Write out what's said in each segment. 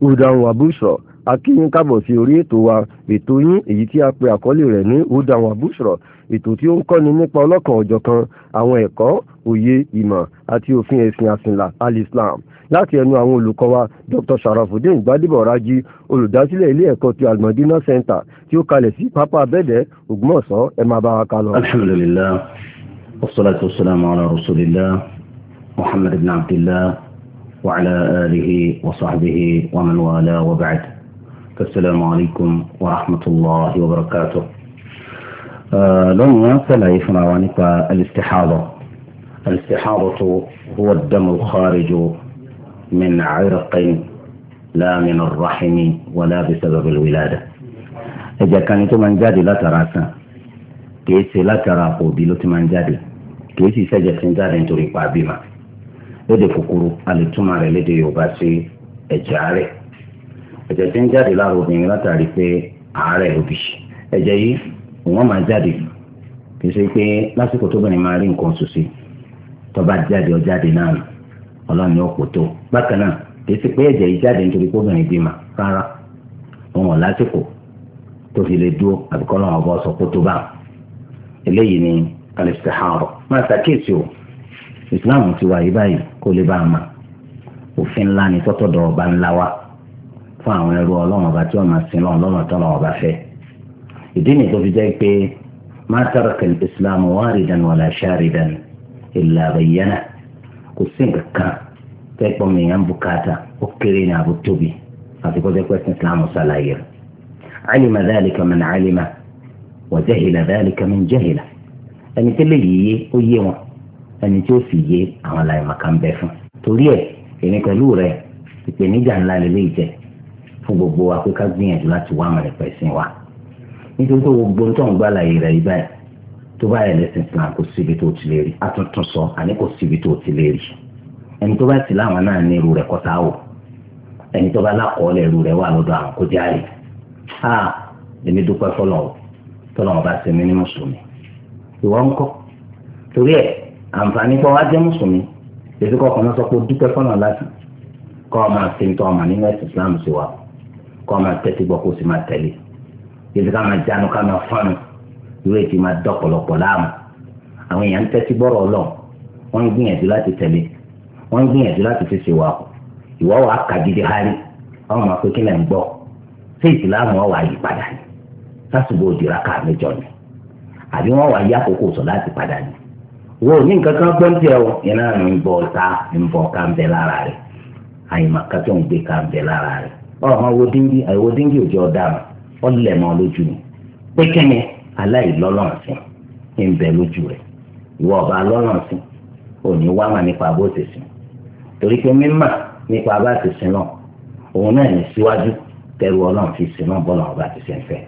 hudan wa bushra akíyín kábọ̀ sí orí ètò wa ètò yín èyí tí a pè àkọlé rẹ̀ ní hudan wa bushra ètò tí ó ń kọ́ni nípa ọlọ́kan ọ̀jọ̀kan àwọn ẹ̀kọ́ òye ìmọ̀ àti òfin ẹ̀sìn àsìnlá alislam láti ẹnu àwọn olùkọ́ wa dr sharafudin gbadebo raji olùdásílẹ̀ ilé ẹ̀kọ́ ti almadina center tí ó kalẹ̀ sí pápá abẹ́dẹ̀ ògbómọ̀ṣọ́ ẹ máa bá wa kálọ. alhamdulilayi wasalaatu wasalaamu ala rasulillah muhammad ibn abdillah. وعلى آله وصحبه ومن والاه وبعد السلام عليكم ورحمة الله وبركاته آه، لن سلعي فنوانك الاستحاضة الاستحاضة هو الدم الخارج من عرق لا من الرحم ولا بسبب الولادة إذا كان من tó لا تراسا كيسي لا تراقو بلوت من látara كيسي سجد سنجاد انتو máa بما lédè kúkúrú a lè túmọ̀ rẹ̀ lédè yorùbá sí ẹ̀jẹ̀ àárẹ̀ ẹ̀jẹ̀ tí ń jáde lára obìnrin látàrí pé àárẹ̀ ló bì í ẹ̀jẹ̀ yìí wọ́n máa jáde kì í ṣe pé lásìkò máa rí nǹkan oṣù sí tó jáde ó jáde náà nù ọlọ́run ní ọ̀pọ̀ tó bákan náà kì í ṣe pé ẹ̀jẹ̀ yìí jáde nítorí kóbìnrin bímọ rárá òun lásìkò tó fi lè dúró àbíkọ́ lọ́wọ́ islam ti wáyé báyìí kó lè bá a mà òfin ńlá ni tọ́tọ̀dọ̀ ọba ńlá wa fún àwọn ẹrú ọlọ́run ọba tí wọ́n máa sin lọ́run lọ́nà tọ́lọ́ ọba fẹ́ ìdí ni tó fi jẹ́ pé ma taraka islam waridan wala sharidan illa bayyana kò sí nǹkan kan tẹ́pọ̀ mìíràn bùkátà ó kéré ní àbò tóbi àti kó jẹ́ pé sin islam ṣàlàyé rẹ̀ alima dhalika man alima wa jahila dhalika man jahila ẹni tẹ́lẹ̀ yìí ó yé wọn ẹni tí ó sì yé àwọn aláìmọ̀kan bẹ fún torí ẹ̀ èmi pẹ̀lú rẹ̀ ìpèníjà ńlá lélẹ́yìí jẹ́ fún gbogbo wa gbìyànjú láti wá àmọ̀lẹ̀ pẹ̀sìn wa nítorí pé gbogbo tó ń gbà láàyè rẹ̀ yí báyìí tó bá yẹ lẹ́sìn Islam kò síbi tó ti lè rí àtúntún sọ àní kò síbi tó ti lè rí ẹni tó bá sì láwọn náà ní irú rẹ̀ kọ́tà wò ẹni tó bá lákọọ́lẹ̀ irú rẹ̀ wà lọ́dọ̀ àwọn kó járe a èmi dúpẹ́ fọlọ́wọ́ tọ́lọ́wọ́ ṣe mí ní mùsùlùmí ìwọ ńkọ́ torí ẹ̀ àǹfààní kọ́ wá jẹ́ mùsùlùmí èsì kọ̀ọ̀kan náà sọ pé dúpẹ́ fọ́nà láti kọ́ ọ máa tẹ̀ntọ́ ọmọ nínú ẹ̀sìn Islam sí wa kọ́ ọ máa tẹ́tí gbọ́ kó o sì máa tẹ̀lé èsì ká máa jánu ká máa fánu ìwé ti máa dọ́pọ̀lọpọ̀ láàmú àwọn èèyàn ń tẹ́tí bọ́rọ̀ lọ wọ́n ń gbìyànjú láti tẹ̀lé wọ́n ń gbìyànjú láti fi ṣe wa ìwọ́ wa kàgídí hárí àwọn máa pé kí lẹ́ ń gbọ́ sí ìsìláàmù wọn wà yí padà wo ní nǹkan kan gbọ́n tiẹ̀ o yẹn náà ń bọ̀ ta ń bọ̀ ká ń bẹ lára rẹ̀ àyìnbá kátó ń gbé ká ń bẹ lára rẹ̀ ọmọ wo díngì àìwo díngì òjò ọ̀daràn ọ̀lẹ̀ mọ́ lójú ni pé kẹ́ni aláìlọ́lọ́run sí ń bẹ lójú rẹ̀ ìwọ ọba lọ́rùn sí òní wá mà nípa bó ti sìn torí pé mímà nípa bá ti sìn náà òun náà ní síwájú tẹ̀rù ọlọ́run fi sìn náà bọ́lá ọba ti sìn fẹ́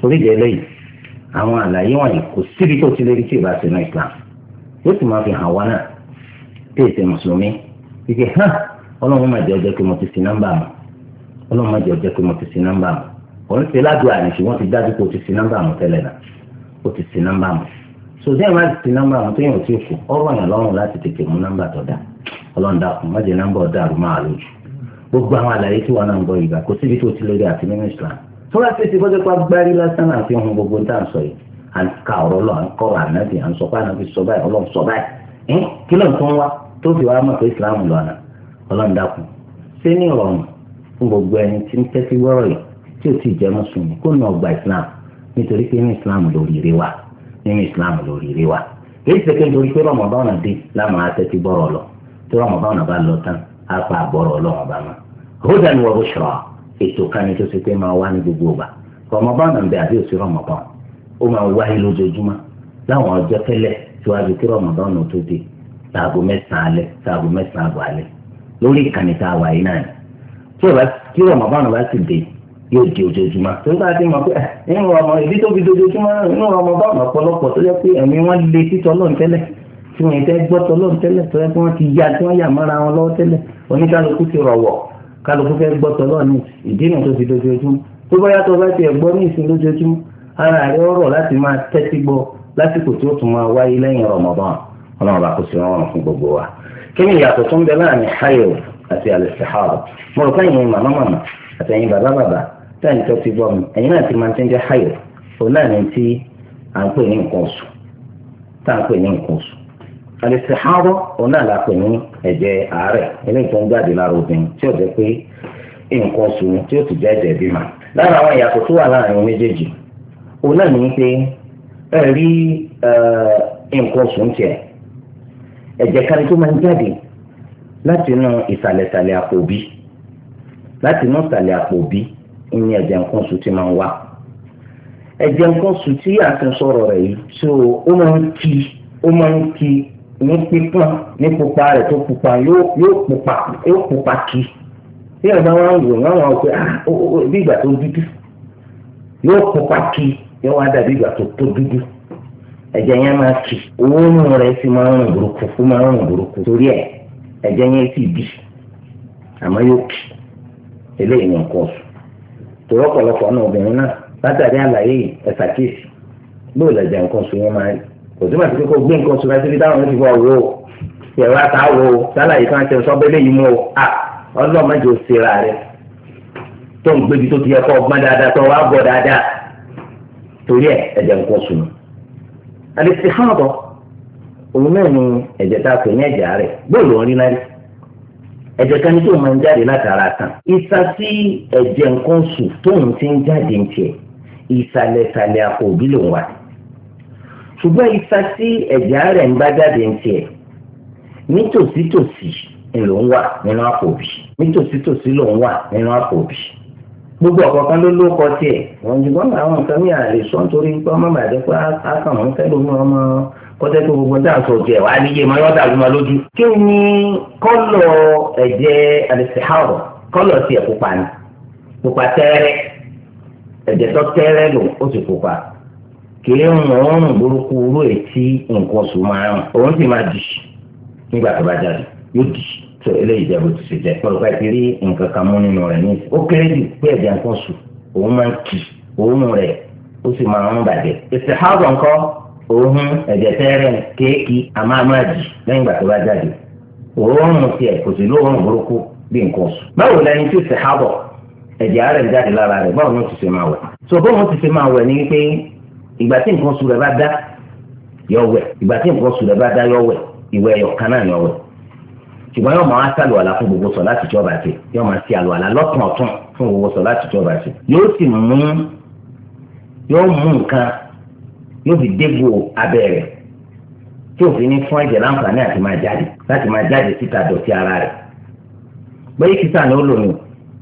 torí ìdẹ́lẹ́yìn àwọn àlàyé wọ̀nyí kò síbi tó ti lè rí tí ì yóò sì máa fi hàn wá náà tí mùsùlùmí ike hàn ọlọ́run má jẹ́ ọjọ́ pé mo ti sin nọ́mbà mọ́ ọlọ́run má jẹ́ ọjọ́ pé mo ti sin nọ́mbà mọ́ òun ti ládùú àná ṣùgbọ́n ti dájú pé o ti sin nọ́mbà mọ́ tẹ́lẹ̀ náà o ti sin nọ́mbà mọ́ so bí máa sin nọ́mbà mọ́ tó kù ọ̀rọ̀ lọ́rùn láti tètè mú nọ́mbà tó dá ọlọ́run dákun má nọ́mbà ọ̀dà àrùmọ́ à ń ka ọ̀rọ̀ lọ à ń kọ̀rọ̀ ànábì à ń sọ báyìí ànábì sọ báyìí ọlọ́run sọ báyìí ẹ́n kí ló ń tún wá tó fi wá mọ̀ pé ìsìláàmù lọ́nà ọlọ́run dákun ṣé ní ìrọ̀rùn fún gbogbo ẹni tí ń tẹ́tí wọ́rọ̀ yìí tí ò tí ì jẹ́ mùsùlùmí kó nà ọgbà ìsìláàm nítorí pé ní ìsìláàm lórí ire wa nínú ìsìláàm lórí ire wa èyí ṣe pé nítorí pé rọmọbáwọn dé láàmú àtẹ́tí bọ́rọ̀ lọ tí rọmọbáwọn bá lọ tán á pa àbọ̀rọ̀ ọlọ́run kan ní tó ṣe pé máa wá ní gbogbo ọgbà rọmọbáwọn ó máa ń wáyé lójoojúmọ́ láwọn ọjọ́ tẹ́lẹ̀ síwájú kí rọmọdán tó dé sáàgó mẹ́sàn-án alẹ́ sáàgó mẹ́sàn-án àbọ̀ alẹ́ lórí ìkànnì tá a wà yìí náà tí ọba kí rọmọdán bá ti dé yóò di ojoojúmọ́ tó ń bá ti mọ̀ pé nínú ọmọ ìdí tó fi dojoojúmọ́ nínú rọmọdán ọ̀pọ̀lọpọ̀ tó yẹ pé ẹ̀mí wọn lé títọ́ lọ́n tẹ́lẹ̀ tí wọn tẹ́ gbọ́ tọ́ lọ́n tẹ́lẹ̀ tó yẹ pé wọ́n ti ya tí wọ́n yà mọ́ra wọn lọ́wọ́ tẹ́lẹ̀ oníkálukú ti rọ̀wọ̀ kálukú fẹ́ gbọ́ tọ́ lọ́n ní ìdí nù tó fi dojoojúmọ́ tó bá yàtọ̀ bá ti ẹ̀ gbọ́ ní ìsìn lójoojúmọ́ ara rẹ̀ ọ̀rọ̀ láti máa tẹ́tí gbọ́ lásìkò tí ó tún máa wáyé lẹ́yìn Ramadan ọlọ́run bá kó sí fún gbogbo wa. kí ni ìyàtọ̀ tó hayo àti al mo rò káyìn màmá màmá àti ẹ̀yin bàbá bàbá táyìn tó ti gbọ́ mi ẹ̀yin ti máa hayo òun náà ni ti à ń pè ní nǹkan oṣù tá à ń pè ní nǹkan oṣù òun náà la pè òun náà ní pé ẹ rí nǹkan oṣù ń tiẹ̀ ẹ̀jẹ̀ kan tó máa ń jáde láti inú ìsàlẹ̀sàlẹ̀ àpò bí láti inú ìsàlẹ̀ àpò bí ní ẹ̀jẹ̀ nǹkan oṣù ti máa ń wá ẹ̀jẹ̀ nǹkan oṣù tí a ti sọ̀rọ̀ rẹ̀ yìí tó ó máa ń ki ó máa ń ki ní pípọ́n ní pupa rẹ̀ tó pupa yóò pupa yóò pupa ki bí ẹ̀rọ bá wà ń wò ní àwọn ọ̀pẹ bí ìgbà tó dúdú yóò pupa ki yóò wá dàbí ìgbà tó tó dúdú ẹ̀jẹ̀ yẹn máa kì òórùn rẹ̀ sì máa ń rùn burúkú fún máa ń rùn burúkú torí ẹ̀ ẹ̀jẹ̀ yẹn sì bì àmọ́ yóò kì eléyìí ní nǹkan oṣù tòrọ ọ̀pọ̀lọpọ̀ náà obìnrin náà látàrí àlàyé ẹ̀sà kéèsì bóò lè jẹ nǹkan oṣù yẹn máa rí kò sí màtí kókó gbé nǹkan oṣù rẹ síbi táwọn ti fọ wo ẹ̀rọ àtà wo sálàyé kan ṣe sọ́bẹ́lẹ̀ yìí mú o à ọlọ́mọdé ò ṣe ra rẹ tó ń gbébi tó ti yẹ kọ́ ọgbọ́n dáadáa tó wá bọ̀ dáadáa torí ẹ̀ ẹ̀jẹ̀ ń kọ́ sùn. àdìsí hàn bọ̀ òun náà ni ẹ̀jẹ̀ tá a pè ní ẹ̀jẹ̀ rẹ̀ bóòlù orí náà rí ẹ̀jẹ̀ kan ní tó máa ń jáde látara tán ìsà sí ẹ̀jẹ̀ nǹkan sù tóun ti ń jáde ń tiẹ̀ ìsàlẹ̀sàlẹ̀ àpò òbí ló wà ṣùgbọ́n ìsà sí ẹ̀jẹ̀ rẹ̀ ń bá jáde ń tiẹ̀ nítòsítòsí ló ń wà nínú àpò òbí nítòsítòsí ló ń wà nínú àpò òbí gbogbo ọ̀kọ̀ọ̀kan ló lóko tiẹ̀ ọ̀njùgbọ́n àwọn nǹkan mi àlè sọ nítorí pé ọmọ bàjẹ́ pé akàwọn ń fẹ́ lómi ọmọ kọ́tẹ́ pé gbogbo dáhùn sọ tiẹ̀ wá níyé máa yọ̀ dàgbà lójú. kí ni kọ́lọ̀ ẹ̀jẹ̀ àdìsíhàwọ̀ kọ́lọ̀ tiẹ̀ pupa ni pupa tẹ́rẹ́ ẹ̀jẹ̀ tó tẹ́rẹ́ lò ó sì pupa kì í rùn òórùn burúkú rú ètí nǹkan oṣù máa rùn òun sì máa dì tó eléyìí jẹ́ bó ti ṣe jẹ́ pọ̀lọ́pọ̀ ti rí nǹkan kan mú nínú rẹ̀ ní ó kéré jù pé ẹ̀jẹ̀ nǹkan sùn òun máa ń kì òun rẹ̀ ó sì máa ń bàjẹ́ ìsèhábọ̀ nǹkan òun ẹ̀jẹ̀ tẹ́rẹ̀ kéèkì àmàmàjì lẹ́yìn ìgbà tó bá jáde òórùn tiẹ̀ kò sí lóòórùn burúkú bí nǹkan sùn báwo lẹ́yìn tí ìsèhábọ̀ ẹ̀jẹ̀ ara rẹ̀ jáde lára rẹ̀ báwo ni ó ti ṣe máa so bóun ti ṣe máa wẹ̀ ni pé ìgbà tí nǹkan sùn rẹ̀ bá dá yọ wẹ̀ ìgbà tí nǹkan sùn wẹ̀ ṣùgbọ́n yóò máa sálù àlá fún gbogbo sọ láti jọba ṣe yóò máa ṣe àlù àlá lọ́tún ọ̀tún fún gbogbo sọ láti jọba ṣe yóò sì mú yóò mú nǹkan yóò fi dégbò abẹ́rẹ́ tí òfin ní fún ẹ̀jẹ̀ láǹfààní àti máa jáde láti máa jáde síta dọ̀tí ara rẹ̀ bẹ́ẹ̀ kíta ni ó lò ní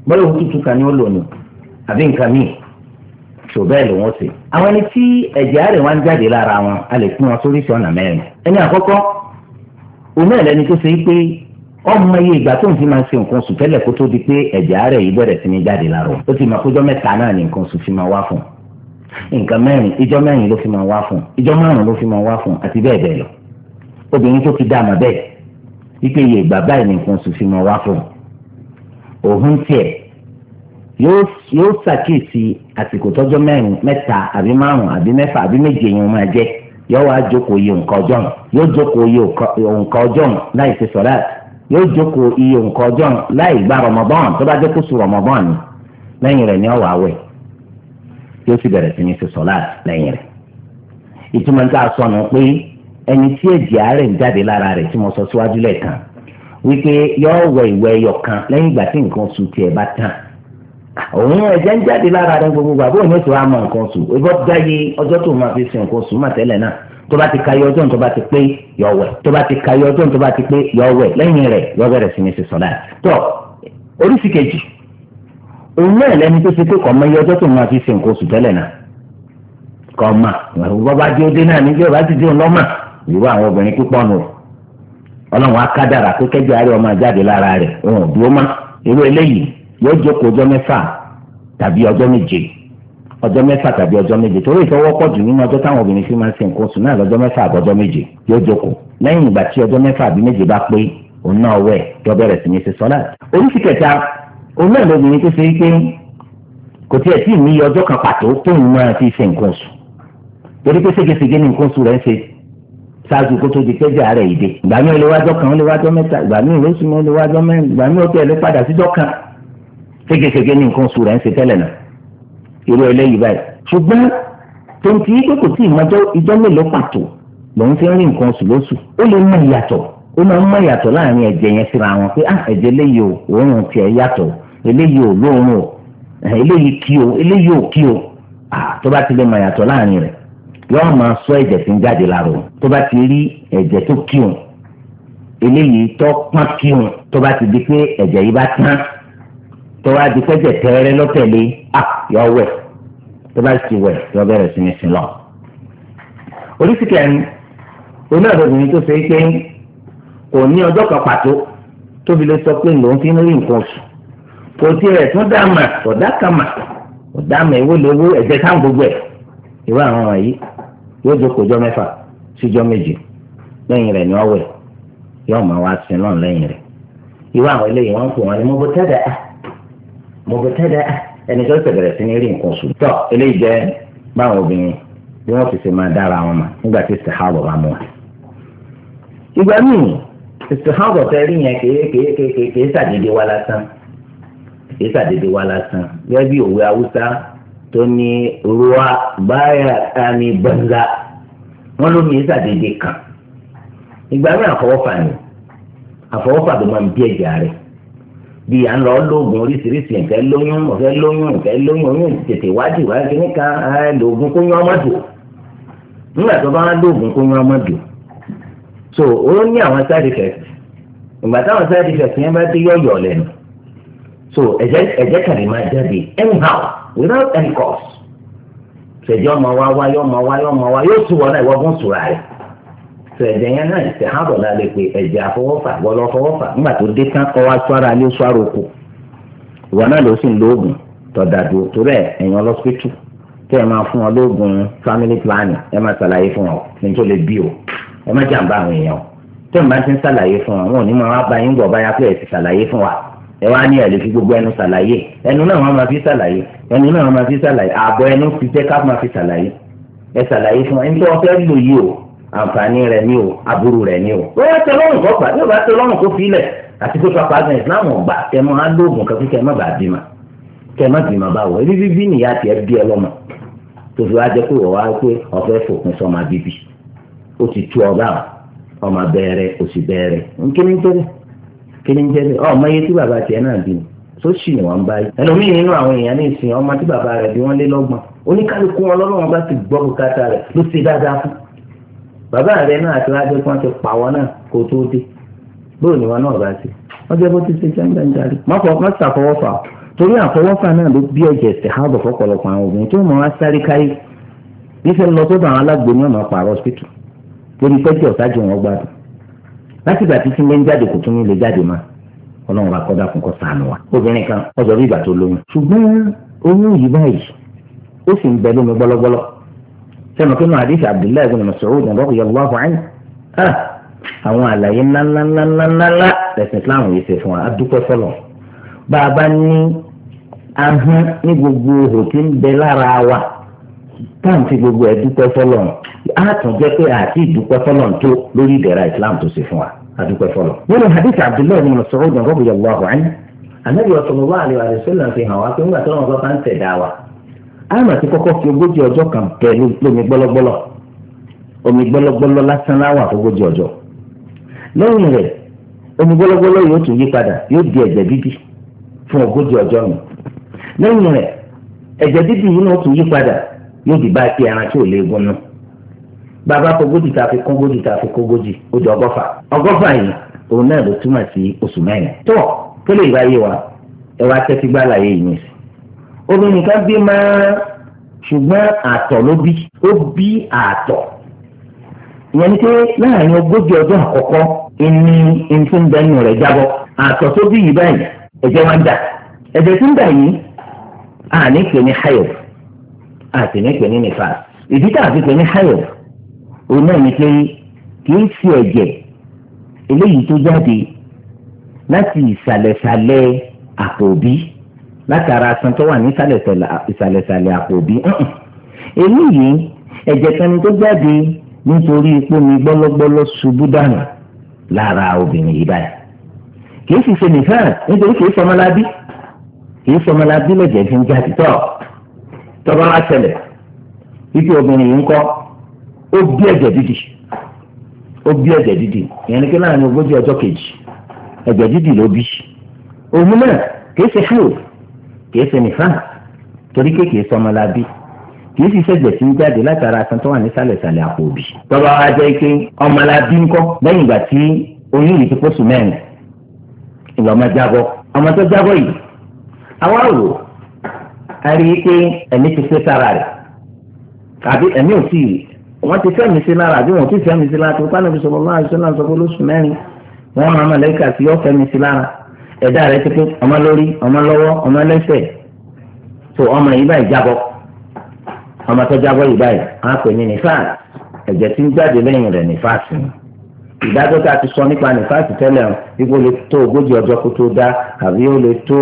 bẹ́ẹ̀ òun tútù kan ni ó lò ní àbí nǹkan míì tó bẹ́ẹ̀ ló wọ́n ṣe. àwọn ẹni tí ẹ̀jẹ̀ àárẹ̀ wá ń jáde lára wọn a lè fún wọn sórí ìṣọ̀nà mẹ́rin ẹni àkọ́kọ́ òun náà lẹni tó ṣe é pé ọmọ iye ìgbà tó ń fi máa ń ṣe nǹkan oṣù tẹ́lẹ̀ kó tó di pé ẹ̀jẹ̀ àárẹ̀ yìí bẹ̀rẹ̀ sí ní jáde láàrọ̀ ó ti máa kójọ́ mẹ́ta náà ní nǹkan oṣù fi máa wá fún nǹkan mẹ́rin ìjọ́ mẹ́rin ló fi máa wá fún ìjọ́ márùn ló fi máa wá fún àti bẹ́ẹ̀ bẹ́ẹ̀ lọ obìnrin tó ti dá àmọ́ bẹ́ẹ̀ wípé iye ìgbà báyìí ní nǹkan oṣù fi máa wá fún òun tiẹ̀ yóò yóò wá yóò jókòó iye nǹkan ọjọ́ láì gba rọmọbọ́n tó bá jẹ́ kó sùn rọmọbọ́n ni lẹ́yìn rẹ̀ ni ọ̀wà wẹ̀ yóò sì bẹ̀rẹ̀ sí ní ṣe sọ̀lá lẹ́yìn rẹ̀ ìtumọ̀ ń tà sọnù pé ẹni tí ẹ̀jẹ̀ àárẹ̀ ń jáde lára rẹ̀ tí mo sọ síwájú lẹ́ẹ̀kan wípé yóò wẹ̀ ìwẹ̀ ẹyọ kan lẹ́yìn ìgbà tí nǹkan oṣù tiẹ̀ bá tàn òun ẹ̀jẹ̀ ń jáde lára rẹ̀ gbogbo àbúrò ní oṣù àmọ́ nǹkan oṣù ìbọ̀ dáyé ọjọ́ tó máa fi sin nǹkan oṣù mà tẹ́lẹ̀ náà tó bá ti ka yọ ọjọ́ tó bá ti pé yọ wẹ̀ tó bá ti ka yọ ọjọ́ tó bá ti pé yọ wẹ̀ lẹ́yìn rẹ̀ yọ bẹ̀rẹ̀ sí ní ṣe sọ̀lá tó oríṣi kejì òun náà lẹni tó ṣe pé kọ́ mọ iye ọjọ́ tó máa fi ṣe nǹkan oṣù tẹ́lẹ̀ náà kọ́ mà bọ́bá dé ó dé náà níjẹ́ bá ti dé òun lọ́mà ìwọ àwọn obìnrin púpọ̀ nù ọlọ́run akádàrà pé kẹ́jọ àárẹ̀ ọmọ jáde lára rẹ̀ òun ò dúró mọ́ irú eléyìí yóò jókòó ọjọ́ mẹ́fà tàbí ọjọ́ méje ọjọ́ mẹ́fà tàbí ọjọ́ méje torí ìtọ́wọ́pọ̀ jù nínú ọjọ́ táwọn obìnrin fi máa ń ṣe nǹkan oṣù náà lọ́jọ́ mẹ́fà àbọ̀jọ́ méje yóò jókòó lẹ́yìn ìgbà tí ọjọ́ mẹ́fà àbí méje bá pé òun náà wẹ̀ yọ bẹ̀rẹ̀ sí ní ṣe sọ́lá. oríṣi kẹta òun náà lóbìnrin tó ṣe é pé kò tiẹ̀ tí ì ní ọjọ́ kan pàtó tó ń máa fi ṣe nǹkan oṣù torí pé ségesège ní nǹkan oṣù rẹ̀ ń ṣe ṣáájú kó tó di pé bí àárẹ̀ ìdè ìgbà mi ó irú eléyìí báyìí ṣùgbọ́n tó ń ti yí pé kò tí ì mọ́jọ́ ìjọ́ mélòó pàtó lòun fi ń rí nǹkan oṣù lóṣù ó lè mọ ìyàtọ̀ ó máa ń mọ ìyàtọ̀ láàrin ẹ̀jẹ̀ yẹn síra wọn pé ah ẹ̀jẹ̀ eléyìí o òórùn tiẹ̀ yàtọ̀ eléyìí ò lóorùn o eh, eléyìí kí o eléyìí ò kí o ah tó bá ti lè mọ ìyàtọ̀ láàrin rẹ̀ yọ́n máa sọ ẹ̀jẹ̀ tí ń jáde lára tó bá ti rí ẹ̀jẹ̀ tó kí o eléyìí tó pọ́n kí o tó bá ti di pé ẹ̀jẹ̀ yìí bá tán tó wá di pẹ́jẹ tẹ́rẹ́ lọ́tẹ̀lé à yọ wẹ̀ tó bá ti wẹ̀ yọ bẹ̀rẹ̀ sí ní sin lọ. oríṣi kẹrin onídàbọ̀bìnrin tó ṣe é pé kò ní ọjọ́ kan pàtó tó fi lè sọ pé lòun fi ń rí nǹkan oṣù kò tiẹ̀ tún dáàmà ọ̀dá kan mà ọ̀dáàmà ìwé lówó ẹ̀jẹ̀ sáà gbogbo ẹ̀ ìwé àwọn wọ̀nyí yóò jókòó jọ mẹ́fà síjọ́ méje lẹ́yìn rẹ̀ ni ọ̀wẹ̀ yóò máa wá sin náà lẹ́yìn rẹ̀ ìwé àwọn eléyìí wọ́n ń pè wọ́n ní mọ́bótẹ́dà á mọ̀gòtẹ́dà ẹni tó ṣe bẹ̀rẹ̀ sí ní rí nǹkan oṣù. tọ́ eléyìí jẹ́ báwọn obìnrin bí wọ́n ti ṣe máa dára wọn mà nígbà tí istihada bá mú wa. ìgbà míì istihada fẹ́ rí yẹn kèé ṣàdédé wá lásán kèé ṣàdédé wá lásán gẹ́gẹ́ bí òwe haúsá tó ní ruwa báyà àmì banza wọ́n ló ní ṣàdédé kan. ìgbà míì àfọwọ́fà ni àfọwọ́fà tó máa ń bí ẹ̀jẹ̀ rẹ̀ bí à ń lọ lóògùn oríṣiríṣi ìfẹ́ lóyún ìfẹ́ lóyún ìfẹ́ lóyún oyún tètè wádìí wáyé nìkan lóògùn kó yán ọmọdù nígbà tó bá lóògùn kó yán ọmọdù so ó ní àwọn side effects ìgbà táwọn side effects yẹn bá dé yọ̀yọ̀ lẹ́nu so ẹ̀jẹ̀ ẹ̀jẹ̀ kàlẹ́ máa jáde anyhow without any cause ṣèjọ́ ọmọ wa wá yọ ọmọ wa yọ ọmọ wa yóò tún wọ́n náà ìwọ́gùn sùrà rẹ̀ sọ ẹ̀jẹ̀ yẹn náà ṣe hàn bọ̀dá lè pe ẹ̀jẹ̀ àfọwọ́fà wọlọ́ fọwọ́fà nígbà tó dé tán kọ́ wá sọ́ra lé sọ́ra oko ìwọ náà ló sì ń lo oògùn tọ̀dàdù tó rẹ̀ ẹ̀yàn lọ́sítù tẹ́ ẹ máa fún ọ lóògùn family planning ẹ máa ṣàlàyé fún ọ ní tó lè bí o ẹ má jàǹbá àwọn èèyàn tẹ́ ẹ máa ti ń ṣàlàyé fún ọ wọn ò ní máa bá yín gbọ̀ báyà pé ẹ ti ṣàlàyé fún wa ẹ wá ní ẹ lè fi gbogbo ẹnu ṣàlàyé ẹnu náà wọn máa fi ṣàlàyé ẹnu náà wọn máa fi ṣàlàyé ààbọ̀ ẹnu fi jẹ́ ká máa fi ṣàlàyé ẹ ṣàlàyé fún ọ ẹni tó wọn fẹ́ lò yìí o àǹfààní rẹ ni o aburú rẹ ni o bóyá tẹ lọ́rùn kó gbà yóò bá tẹ lọ́rùn kó filẹ̀ àti kó papá gan ìsìláàmù ọgbà kẹ mọ alóògùn kan fún kẹ kẹ bíbí nìyá tiẹ bí ẹ pé wọ́n wá pé ọ̀fẹ́ fòpin bíbí ó ti tú ọba ọmọ bẹ́ẹ̀rẹ̀ òsì bẹ́ẹ̀rẹ̀ nkíní jẹ́rẹ̀ ọ iye tí bàbá náà bí sì wọn ẹlòmíì nínú àwọn èèyàn ní ìsìn ọmọ tí bàbá bí ti gbọ́ bùkátà bàbá rẹ náà àti wájú kí wọ́n ti pàwọ́ náà kó tó dé bóò ni wọn náà bá ti wọ́n jẹ́ bó ti ṣe jẹ́ ń gbàǹjarì má ṣàfọwọ́fà torí àfọwọ́fà náà ló bí ẹ̀jẹ̀ ṣe hábọ̀ fọ́pọ̀lọpọ̀ àwọn obìnrin tó mọ̀ wá sáré káyé níṣẹ́ lọ sọ́dọ̀ àwọn alágbè ní ọ̀nà pààrọ̀ hospital lórí pẹ́ẹ́jì ọ̀tájú wọn gbádùn láti ìgbà títí lé ń jáde kò tún ní lè jáde má ọlọ́run bá kọ́dà fún kọ́ sànù wa obìnrin kan ọjọ́ bí ìgbà tó lóyún ṣùgbọ́n oyún yìí báyìí ó sì ń bẹ lómi gbọ́lọ́gbọ́lọ́ sẹ́mi kí nínú àdìsí abdullahi ibn Mas'ud radiyallahu anhu àwọn àlàyé ńláńláńláńláńlá lẹ́sìn islam yìí ṣe fún wa adúpẹ́ fọlọ́ bá a bá ní ahọ́n ní gbogbo ohò tí ń bẹ lára wa táwọn fi gbogbo ẹ̀ dúpẹ́ fọlọ́ á tún jẹ́ pé àti ìdúpẹ́ fọlọ́ tó lórí ìdẹ̀ra islam tó ṣe fún wa adúpẹ́ fọlọ́. nínú hadith abdullahi ibn Mas'ud radiyallahu anhu anabi wa sallallahu alaihi wa sallam àmà ti kọ́kọ́ fi ogójì ọjọ́ kan pẹ̀lú lómi gbọ́lọ́gbọ́lọ́ omi gbọ́lọ́gbọ́lọ́ lásán láwà ogójì ọjọ́ lẹ́yìn rẹ̀ omi gbọ́lọ́gbọ́lọ́ yóò tún yí padà yóò di ẹ̀jẹ̀ dídì fún ogójì ọjọ́ mi lẹ́yìn rẹ̀ ẹ̀jẹ̀ dídì yìí náà tún yí padà yóò di báyìí pé ẹran tí ò léegun nù bàbá kogójì tá a fi kógójì tá a fi kógójì ó di ọgọ́fà ọgọ́fà yìí òun náà ló túmọ̀ sí oṣù mẹ́rin tó kélé obìnrin kan bí máa ṣùgbọ́n àtọ̀ ló bí ó bí àtọ̀ ìyẹn ni pé láàrin ogójì ọjọ́ àkọ́kọ́ ìní ìfún bẹ́ẹ̀nù rẹ̀ jábọ́ àtọ̀ tó bí yìí báyìí ẹ̀jẹ̀ wá ń dà ẹ̀jẹ̀ tó ń dà yìí àní pè ní hayob àti ní pè ní nifas ìdí tá a fi pè ní hayob òun náà ni pé kì í fi ẹ̀jẹ̀ eléyìí tó jáde láti ìsàlẹ̀sàlẹ̀ àpò òbí látara asan tó wà ní ìsàlẹ̀sàlẹ̀ àpò òbí eléyìí ẹ̀jẹ̀ kan tó jáde nítorí ipò mi gbọ́lọ́gbọ́lọ́ ṣubú dànù lára obìnrin yìí báyìí kìí sì ṣe nìkan nítorí kìí sọmọlábí kìí sọmọlábí lẹ̀jẹ̀ fi ń jáde tọ́ tọ́ba wá tẹ̀lẹ̀ ibi obìnrin yìí ń kọ́ ó bí ẹ̀jẹ̀ dídì ó bí ẹ̀jẹ̀ dídì ìyẹn ni kí láàrin ogójì ọjọ́ kejì ẹ̀jẹ̀ dídì ló bí òun náà kìí ṣe fúlù kìí ṣe nìfà torí pé kìí sọmọ la bí kìí sì ṣẹ̀jẹ̀ tí ń jáde látara aṣọ tó wà nísàlẹ̀sàlẹ̀ àpò òbí. tọ́ba wa jẹ́ pé ọmọ la bí ńkọ́ lẹ́yìn ìgbà tí oyún yìí ti pósù mẹ́rin ìlú ọmọ jábọ́ ọmọ tó jábọ́ yìí àwa wò a rí i pé ẹ̀mí ti ṣe sára rẹ̀ àbí ẹ̀mí ò tí wọ́n ti fẹ́mi sí lára àbí wọ́n ti fẹ́mi sí lára tó kánà bí sọ̀rọ̀ máa ṣe náà sọ ẹ̀dá rẹ ti pín ọmọ lórí ọmọ lọ́wọ́ ọmọ lẹ́sẹ̀ tó ọmọ yìí báyìí jábọ́ ọmọ tó jábọ́ yìí báyìí á pè ní nífàsì ẹ̀jẹ̀ tí ń jáde lẹ́yìn rẹ̀ nífàsì ni ìdájọ́ tá a ti sọ nípa nífàsì tẹ́lẹ̀ o ipò lè tó ogójì ọjọ́ kó tó dá àbí ó lè tó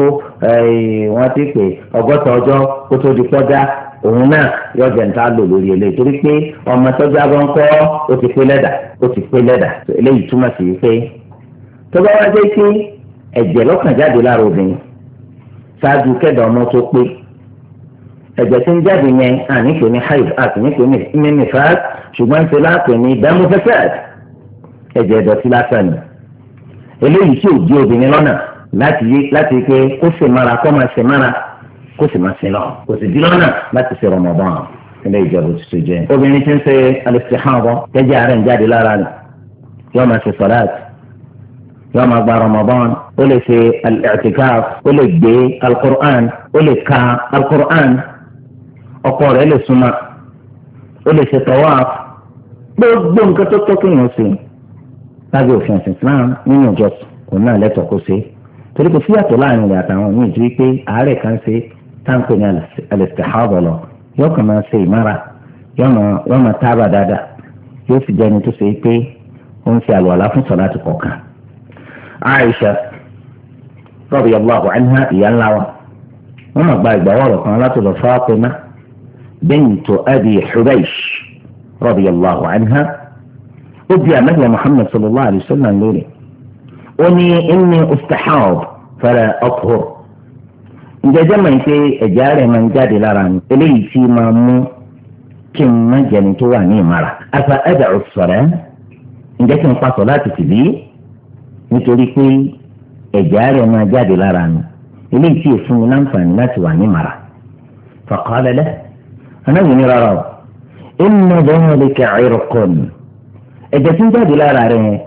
eh, wọ́n ti pè ọgọ́ta ọjọ́ kó tó di pọ́ dá òun náà yọ jẹ̀ǹtà lò lórí eléyìí torí pé ọmọ tó jábọ́ ńkọ́ ó ti pé lẹ́dà ó ti pé lẹ́dà eléyìí túmọ̀ sí pé tó bá wá dé pé ẹ̀jẹ̀ lọ́kàn jáde lára obìnrin ṣáájú kẹ́dà ọmọ tó pé ẹ̀jẹ̀ tí ń jáde yẹn àníkè ní haid àti níkè ní nifas ṣùgbọ́n ń ṣe láàpè ní damufasad ẹ̀jẹ̀ ìdọ̀tí lásán ni eléyìí tí ò di obìnrin lọ́nà láti yí láti pé kó sì mara kó máa ṣe mara kó sì máa ṣe lọ kò sì di lọ́nà láti ṣe rọmọbọ́n ilé ìjọba tuntun jẹ obìnrin tí ń ṣe alẹ́ ṣe hàn wọ́n jẹ́jẹ́ àárẹ̀ ń jáde lára rẹ̀ yọ́ọ́ yóò máa gba ramadan ó lè ṣe al-i'tikaf ó lè gbé al-Qur'an ó lè ka al-Qur'an ọkọ rẹ̀ lè súnmọ́ ó lè ṣe tawaf gbogbo nǹkan tó tọ́kì yẹn sí lábẹ́ òfin ẹ̀sìn Islam nínú ìjọsìn kò náà lẹ́tọ̀ọ́ kó ṣe torí kò síyàtọ̀ láàrin rẹ̀ àtàwọn míì ju wípé àárẹ̀ kan ṣe táǹkì ní al lọ yóò kàn máa ṣe ìmára yóò máa tábà dáadáa yóò sì jẹ́ tó ṣe pé ó ń ṣe àlùwàlá عائشة رضي الله عنها يلا وما بعد بوابة قناة فاطمة بنت أبي حبيش رضي الله عنها ودي أمد محمد صلى الله عليه وسلم لولي أني إني أستحاض فلا أطهر إذا جمعي في أجاري من جاد لران إلي في مامو كم جنتواني مرة أفأدع الصلاة إذا كنت صلاتي في nítorí pé ẹ̀jẹ̀ rẹ̀ máa jáde lára mi eléyìí tí èfún mi láǹfààní láti wà ní màrà faqala la anáwó ní rárá o inna dhalika irqun ẹ̀jẹ̀ tí ń jáde lára rẹ̀ yẹn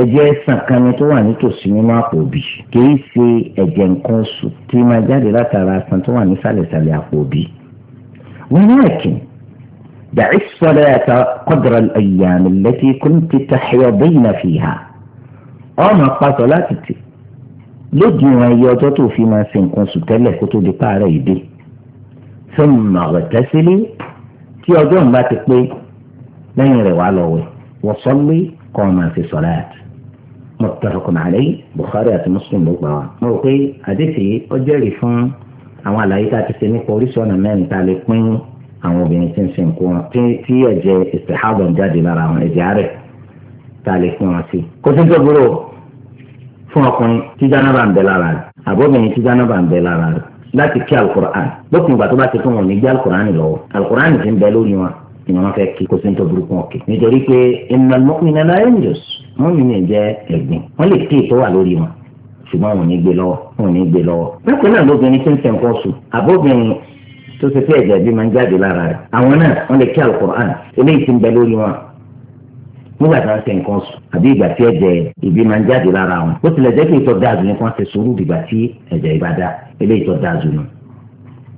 ẹ̀jẹ̀ ẹ̀sán kan ni tó wà nítòsí nínú àpò òbí kìí ṣe ẹ̀jẹ̀ nǹkan oṣù tí máa jáde látara ẹ̀sán tó wà nísàlẹ̀sàlẹ̀ àpò òbí wọ́n ní ẹ̀kìn دع الصلاة قدر الأيام التي كنت تحيضين فيها ọ máa pàtó láti tì lóde ìwọn iye ọjọ́ tó fi máa ṣe nǹkan sùn tẹ́lẹ̀ kó tó di páàrọ̀ yìí dé sọmọ ọ̀rọ̀ tẹ́sílẹ̀ tí ọjọ́ ń bá ti pé lẹ́yìn rẹ̀ wá lọ wẹ̀ wọ́n sọ pé kọ́ ọ máa ṣe sọ̀rọ̀ àti muttafaqun alayhi Bukhari àti Muslim ló gbà wá. mo rò pé àdéhìí ó jẹ́rìí fún àwọn àlàyé tá a ti ṣe nípa oríṣi ọ̀nà mẹ́rin tá a lè pín àwọn obìnrin tí ń ṣe nǹkan tí ẹ̀jẹ̀ ìṣèhábọ̀ jáde lára àwọn ẹ̀jẹ̀ rẹ̀ tá a lè pín wọn sí. kò sí tó burú fún ọkùnrin tí jánábà ń bẹ lára rẹ̀ àbọ̀bìnrin tí jánábà ń bẹ lára rẹ̀ láti kí alukur'an lópin ìgbà tó bá ti fún wọn ní gbé alukur'an lọ́wọ́ alukur'an ti ń bẹ lórí wọn ni wọn fẹ́ kí kó sí ní tó burúkú ọkẹ nítorí pé inna al-mu'mina la yanjus wọn ní ní jẹ ẹ̀gbin wọn lè kí ìtọ́wà lórí wọn ṣùgbọ́n wọn ní gbé lọ́wọ́ wọn ní gbé lọ́wọ́ bákan náà lóbìnrin tí ń tẹ̀ ń kọ́ sùn àbóbìnrin tó ṣe fẹ́ ẹ̀jẹ̀ bí máa ń jáde lára rẹ̀ àwọn náà wọn lè kí alukur'an eléyìí ti ń bẹ lórí wọn nígbà tí wọ́n ṣe nǹkan sùn àbí ìgbà tí ẹ̀jẹ̀ ìbí máa ń jáde lára wọn ó tilẹ̀ jẹ́ pé ìtọ́ dáàzù ni wọ́n ṣe sùúrù dìgbà tí ẹ̀jẹ̀ ìbá dá ilé ìtọ́ dáàzù nù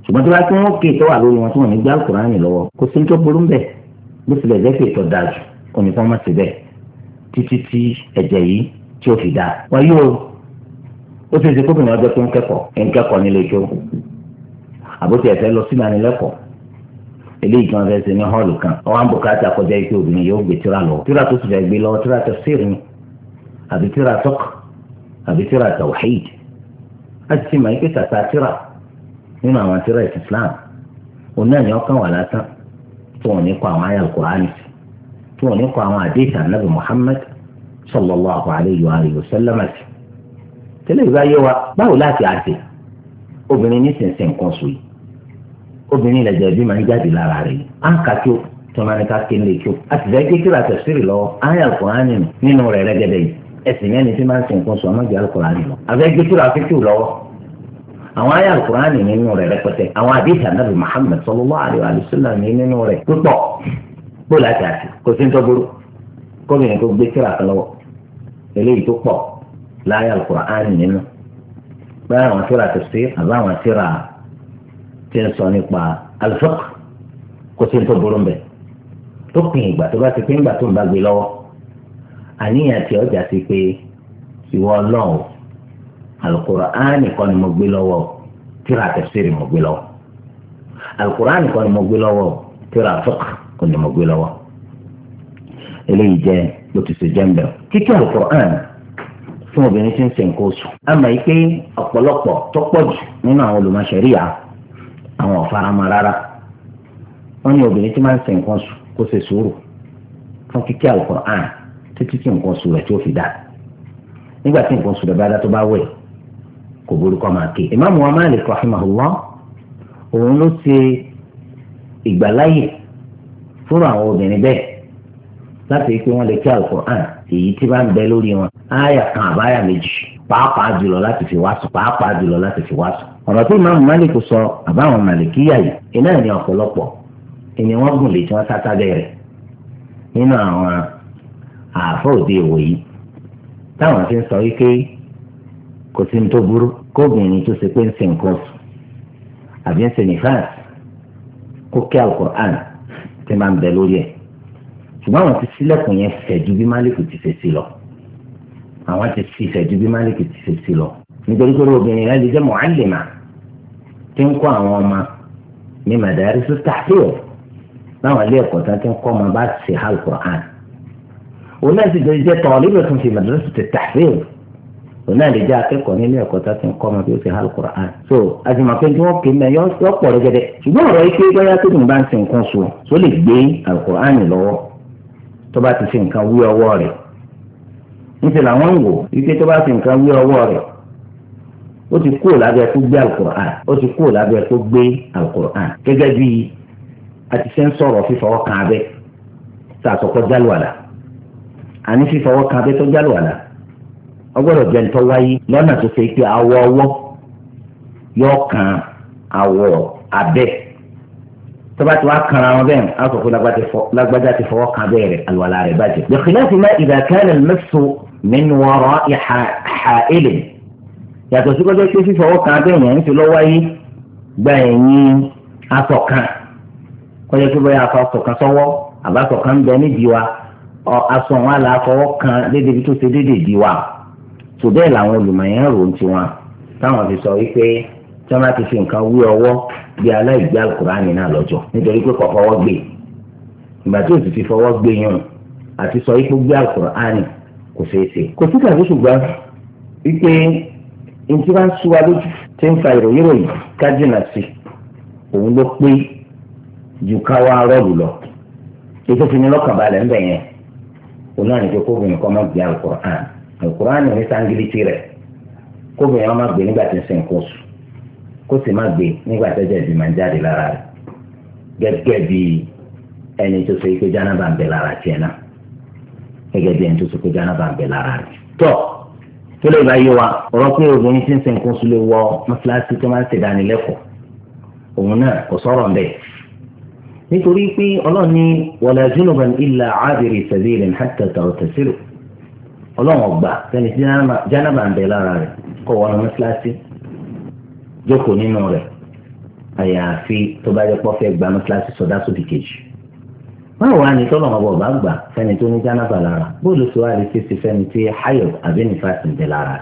ṣùgbọ́n tí wọ́n ti wọ́n ké ìtọ́ wà lórí wọn tí wọ́n ní gbé alukurani lọ́wọ́ kò sí tó burú bẹ́ẹ̀ bó tilẹ̀ jẹ́ pé ìtọ́ dáàzù òní kan má ti bẹ́ẹ̀ títí tí ẹ̀jẹ̀ yìí tí ó fi dá wọn yóò ó ti ṣe kókò ní ọjọ́ tó ń kẹ́kọ̀ọ́ ń kẹ́kọ̀ọ́ nílé tó àbótiẹ̀fẹ́ lọ sí ìdánilẹ́kọ̀ọ́ eléyìí tí wọ́n fẹ́ ṣe ní hall kan ọwọ́ àwọn bùkátà kọjá ike obìnrin yóò gbé tíra lọ tíra tó sì fẹ́ gbé lọ tíra tafsir ni àbí tíra tọ́k àbí tíra tawhid a ti ti mọ̀ ike tàtà tíra nínú àwọn tíra ìsìn Islam òun náà ni ọkàn wà látàn tí wọ́n ní kọ àwọn ayé alukur'ani tí wọ́n ní kọ àwọn àdéhìí anabi Muhammad sallallahu alayhi wa sallam tẹ́lẹ̀ ìgbà yẹ báwo láti àṣẹ obìnrin ní sẹ̀nsẹ̀ nǹkan sùn yìí obìnrin ìlẹ̀jẹ̀ bí máa ń jáde lára rẹ̀ á ń kàkí ó tó máa ń kàkí lè kí ó a sì fẹ́ gbé kíra tẹ̀sírì lọ́wọ́ ayé àkùnrin nínú rẹ̀ rẹ́gẹ́dẹ́ yìí ẹ̀sìn mẹ́ni tí máa ń sìn kún sọ ọmọ ìjà àkùnrin lọ a fẹ́ gbé kíra fíkìú lọ́wọ́ àwọn ayé àkùnrin nínú rẹ̀ rẹpẹtẹ àwọn àdéhà nàbì Muhammad sallallahu alaihi wa sallam nínú rẹ̀ púpọ̀ bó láti àti kò sí tí ń sọ nípa alifọ́k kó tí ń tó burú mbẹ tó pin ìgbà tó bá ti pín ìgbà tó ń bá gbé lọ́wọ́ àníyàn tí ọjà ti pé ìwọ ọlọ́run alukóraánì kọ́ ni mo gbé lọ́wọ́ tíra tẹ̀síìrì mo gbé lọ́wọ́ alukóraánì kọ́ ni mo gbé lọ́wọ́ tíra fọ́k kọ́ ni mo gbé lọ́wọ́ eléyìí jẹ́ bó ti ṣe jẹ́ ń bẹ̀rù kíkẹ́ alukóraánì fún obìnrin tí ń ṣe nǹkan oṣù àmọ́ yìí pé ọ̀pọ̀lọpọ̀ tó pọ̀ jù nínú àwọn olùmọ̀ṣẹ́ríyà àwọn ọ̀farama rárá wọ́n ní obìnrin tí máa ń ṣe nǹkan sùn kó ṣe sùúrù fún kíkí Al-Qur'an títí tí nǹkan sùn rẹ̀ tí ó fi dá nígbà tí nǹkan sùn rẹ̀ bá dá tó bá wẹ̀ kò borúkọ máa ké ìmáàmù wa Malik rahimahullah òun ló ṣe ìgbàláyè fún àwọn obìnrin bẹ́ẹ̀ láti pé wọ́n lè kí Al-Qur'an èyí tí bá ń bẹ lórí wọn áyà kan àbáyà méjì pàápàá jùlọ láti fi wá sùn pàápàá jùlọ láti fi wá sùn ọ̀rọ̀ tí ìmáàmù Malik sọ àbáwọn Malikiya yìí iná ní ọ̀pọ̀lọpọ̀ ìyẹn wọ́n gùn lè tí wọ́n sáta bẹ̀rẹ̀ nínú àwọn ààfọ̀ òde ìwò yìí táwọn ti ń sọ wípé kò sí ní tó burú kóbìnrin tó ṣe pé ń sin nǹkan oṣù àbí ń sin nìfàs kó kí alukur'an ti máa ń bẹ lórí ẹ̀ ṣùgbọ́n àwọn ti sílẹ̀kùn yẹn fẹ̀jú bí Malik ti ṣe sí lọ àwọn ti sí fẹ̀jú bí Malik ti ṣe sí lọ nítorí pé obìnrin yẹn lè jẹ́ mọ̀álìmá tí ń kọ́ àwọn ọmọ ní madarisu tahfiz láwọn ilé ẹ̀kọ́ tán tí ń kọ́ ọmọ bá ṣe al-Qur'an òun náà sì jẹ́ talibatun fi madrasat at-tahfiz òun náà lè jẹ́ akẹ́kọ̀ọ́ nílé ẹ̀kọ́ tá ti ń kọ́ ọmọ bí ó ti hàl so àjùmọ̀pẹ́ tí wọ́n kì í mẹ́ yọ pọ̀ rẹ́gẹ́dẹ́ ṣùgbọ́n ọ̀rọ̀ yìí pé bóyá tó dùn bá ń sin nǹkan so tó lè gbé al-Qur'an lọ́wọ́ tó bá ti fi nǹkan wí ọwọ́ rẹ̀ níṣẹ́ ó ti kúrò lábẹ́ kó gbé alukur'an ó ti kúrò lábẹ́ kó gbé alukur'an gẹ́gẹ́ bí àti ṣe ń sọ̀rọ̀ fífọwọ́ kan abẹ́ sàtọ̀kọ́ jálù àlà àní fífọwọ́ kan abẹ́ tó jálù àlà ọgbọ́dọ̀ jẹ́ ní tọ́wáyé lọ́nà tó ṣe pé awọ ọwọ́ yọ kan awọ abẹ́ tó bá ti kan ara bẹ́ẹ̀ á lágbájá ti fọwọ́ kan abẹ́ rẹ̀ àlùwàlà rẹ̀ bàjẹ́. bẹ̀kìlá ti má ìdàkẹ́rẹ̀ yàtọ̀ sí kọjá pé fífọwọ́ kan abẹ́yẹn ń fi lọ́wọ́ yí gba ẹ̀yìn aṣọ kan kọjá pé bóyá aṣọ kan sọ́wọ́ àbáṣọ kan ń bẹ nídìí wa aṣọ wọn àlà afọwọ́ kan déédéé bí tó ṣe déédéé di wa tó bẹ́ẹ̀ làwọn olùmọ̀yàn rò ń tiwọn táwọn fi sọ wípé tí wọ́n bá ti fi nǹkan wí ọwọ́ bí aláìgbé alukurani náà lọ́jọ́ nítorí pé kò fọwọ́ gbé ìgbà tí òsì fi fọwọ́ gbé yàn àti sọ wípé gbé alukurani kò ṣeé ṣe kò sí tàbí ṣùgbọ́n wípé ntí bá ń sú wa lójú tí ń fa ìròyìn ròyìn kájìnà sí òun ló pé ju káwá rọ́ọ̀lù lọ ètò ìfini lọ́kànbalẹ̀ ń bẹ̀ yẹn òun náà nìjọ kóbìnrin kọ́ máa gbé alukur'an alukur'an ní sangiliti rẹ̀ kóbìnrin máa gbé nígbà tí ń sin kó sùn kó sì máa gbé nígbà tí ẹ̀jẹ̀ ìbímọ jáde lára rẹ̀ gẹ́gẹ́ bí ẹni tó so ikú jáná ń bẹ lára tiẹ̀ náà gẹ́gẹ́ bí ẹni tó so ikú jáná ń bẹ lára rẹ̀ tọ́ tó lè báyé wa ọ̀rọ̀ pé obìnrin ti ń sin nǹkan oṣù lè wọ mọ́ṣáláṣí tó máa ń ṣèdánilẹ́kọ̀ọ́ òun náà kò sọ̀rọ̀ ń bẹ̀. nítorí pé ọlọ́run ní wala junuban illa abiri sabilin hatta taghtasilu ọlọ́run ọgbà sẹ́ni tí jánàbà ń bẹ lára rẹ̀ kọ́ wọ́n lọ jókòó nínú rẹ̀ àyàfi tó bá yẹ kó fẹ́ gba mọ́ṣáláṣí sọdá sódì kejì báwo wá ní tọ́lọ̀ ọ̀bọ̀ bá gbà fẹ́ni tó ní jánábà lára bóòlù tó wá lè ṣe ti fẹ́ni tí hayo àbí nífa ti bẹ̀ lára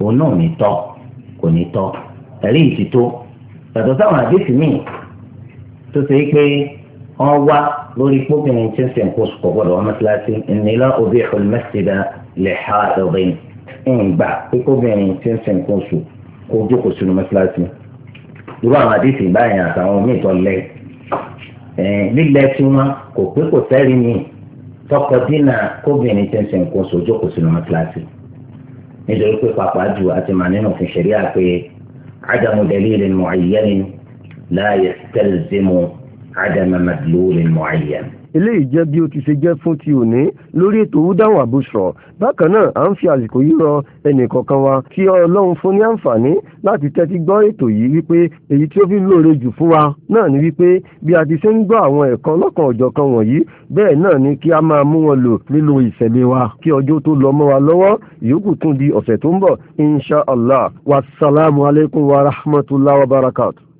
òun náà ní tọ́ kò ní tọ́ ẹ̀rí ìtì tó yàtọ̀ sáwọn àdéhùn míì tó ṣe é pé wọ́n wá lórí pópinrin tí ń ṣe nǹkan oṣù kọ̀ọ̀bọ̀dọ̀ wọn mọ́ṣáláṣí ìnílá òbí ìfọlùmẹ́sìdá lè ha ẹ̀rìn ìgbà pé pópinrin tí ń ṣe nǹkan oṣù kó jókòó sínú mọ́ṣáláṣí irú àwọn àdéhùn báyìí àtàwọn míì tó lẹ́yìn lílẹ̀ tí wọn kò pé kò sẹ́rí ni tọkọ dínà kóbìnrin tí ń sin nǹkan sójú kò sínú kíláàsì nítorí pé pàápàá jù àti màá nínú òfin ṣẹ̀ríà pé ádámù dalilin mu'ayyan la yastalzimu ádámù madlulin mu'ayyan eléyìí jẹ́ bí ó ti ṣe jẹ́ fún ti òní lórí ètò húdáwà àbúṣọ bákan náà à ń fi àsìkò yìí rọ ẹnì kọ̀ọ̀kan wa kí ọlọ́run fún ní àǹfààní láti tẹ́tí gbọ́ ètò yìí wípé èyí tí ó fi lóore jù fún wa náà ni wípé bí a ti ṣe ń gbọ́ àwọn ẹ̀kọ́ lọ́kàn ọ̀jọ̀kan wọ̀nyí bẹ́ẹ̀ náà ni kí a máa mú wọn lò nínú ìṣẹ̀lẹ̀ wa kí ọjọ́ tó lọ mọ́ wa lọ́wọ́ yòókù tún di ọ̀sẹ̀ tó ń bọ̀ insha allah wasalaamu alaykum wa rahmatulah wa barakatuh.